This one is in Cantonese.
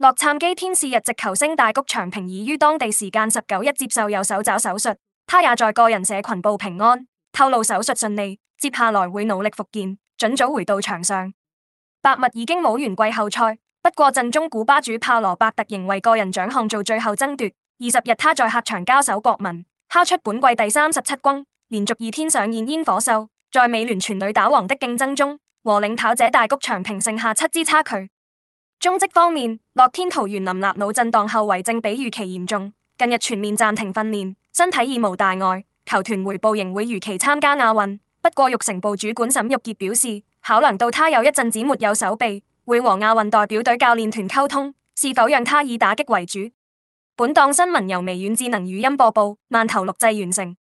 洛杉磯天使日籍球星大谷翔平已於當地時間十九日接受右手肘手術，他也在個人社群報平安，透露手術順利，接下來會努力復健，盡早回到場上。白襪已經無緣季後賽，不過陣中古巴主帕羅伯特仍為個人獎項做最後爭奪。二十日他在客場交手國民，敲出本季第三十七轟，連續二天上演煙火秀，在美聯全壘打王的競爭中，和領跑者大谷翔平剩下七支差距。中職方面，樂天桃猿林立腦震盪後遺症比預期嚴重，近日全面暫停訓練，身體已無大礙，球團回報仍會如期參加亞運。不過，育成部主管沈玉杰表示，考量到他有一陣子沒有手臂，會和亞運代表隊教練團溝通，是否讓他以打擊為主。本檔新聞由微軟智能語音播報，慢投錄製完成。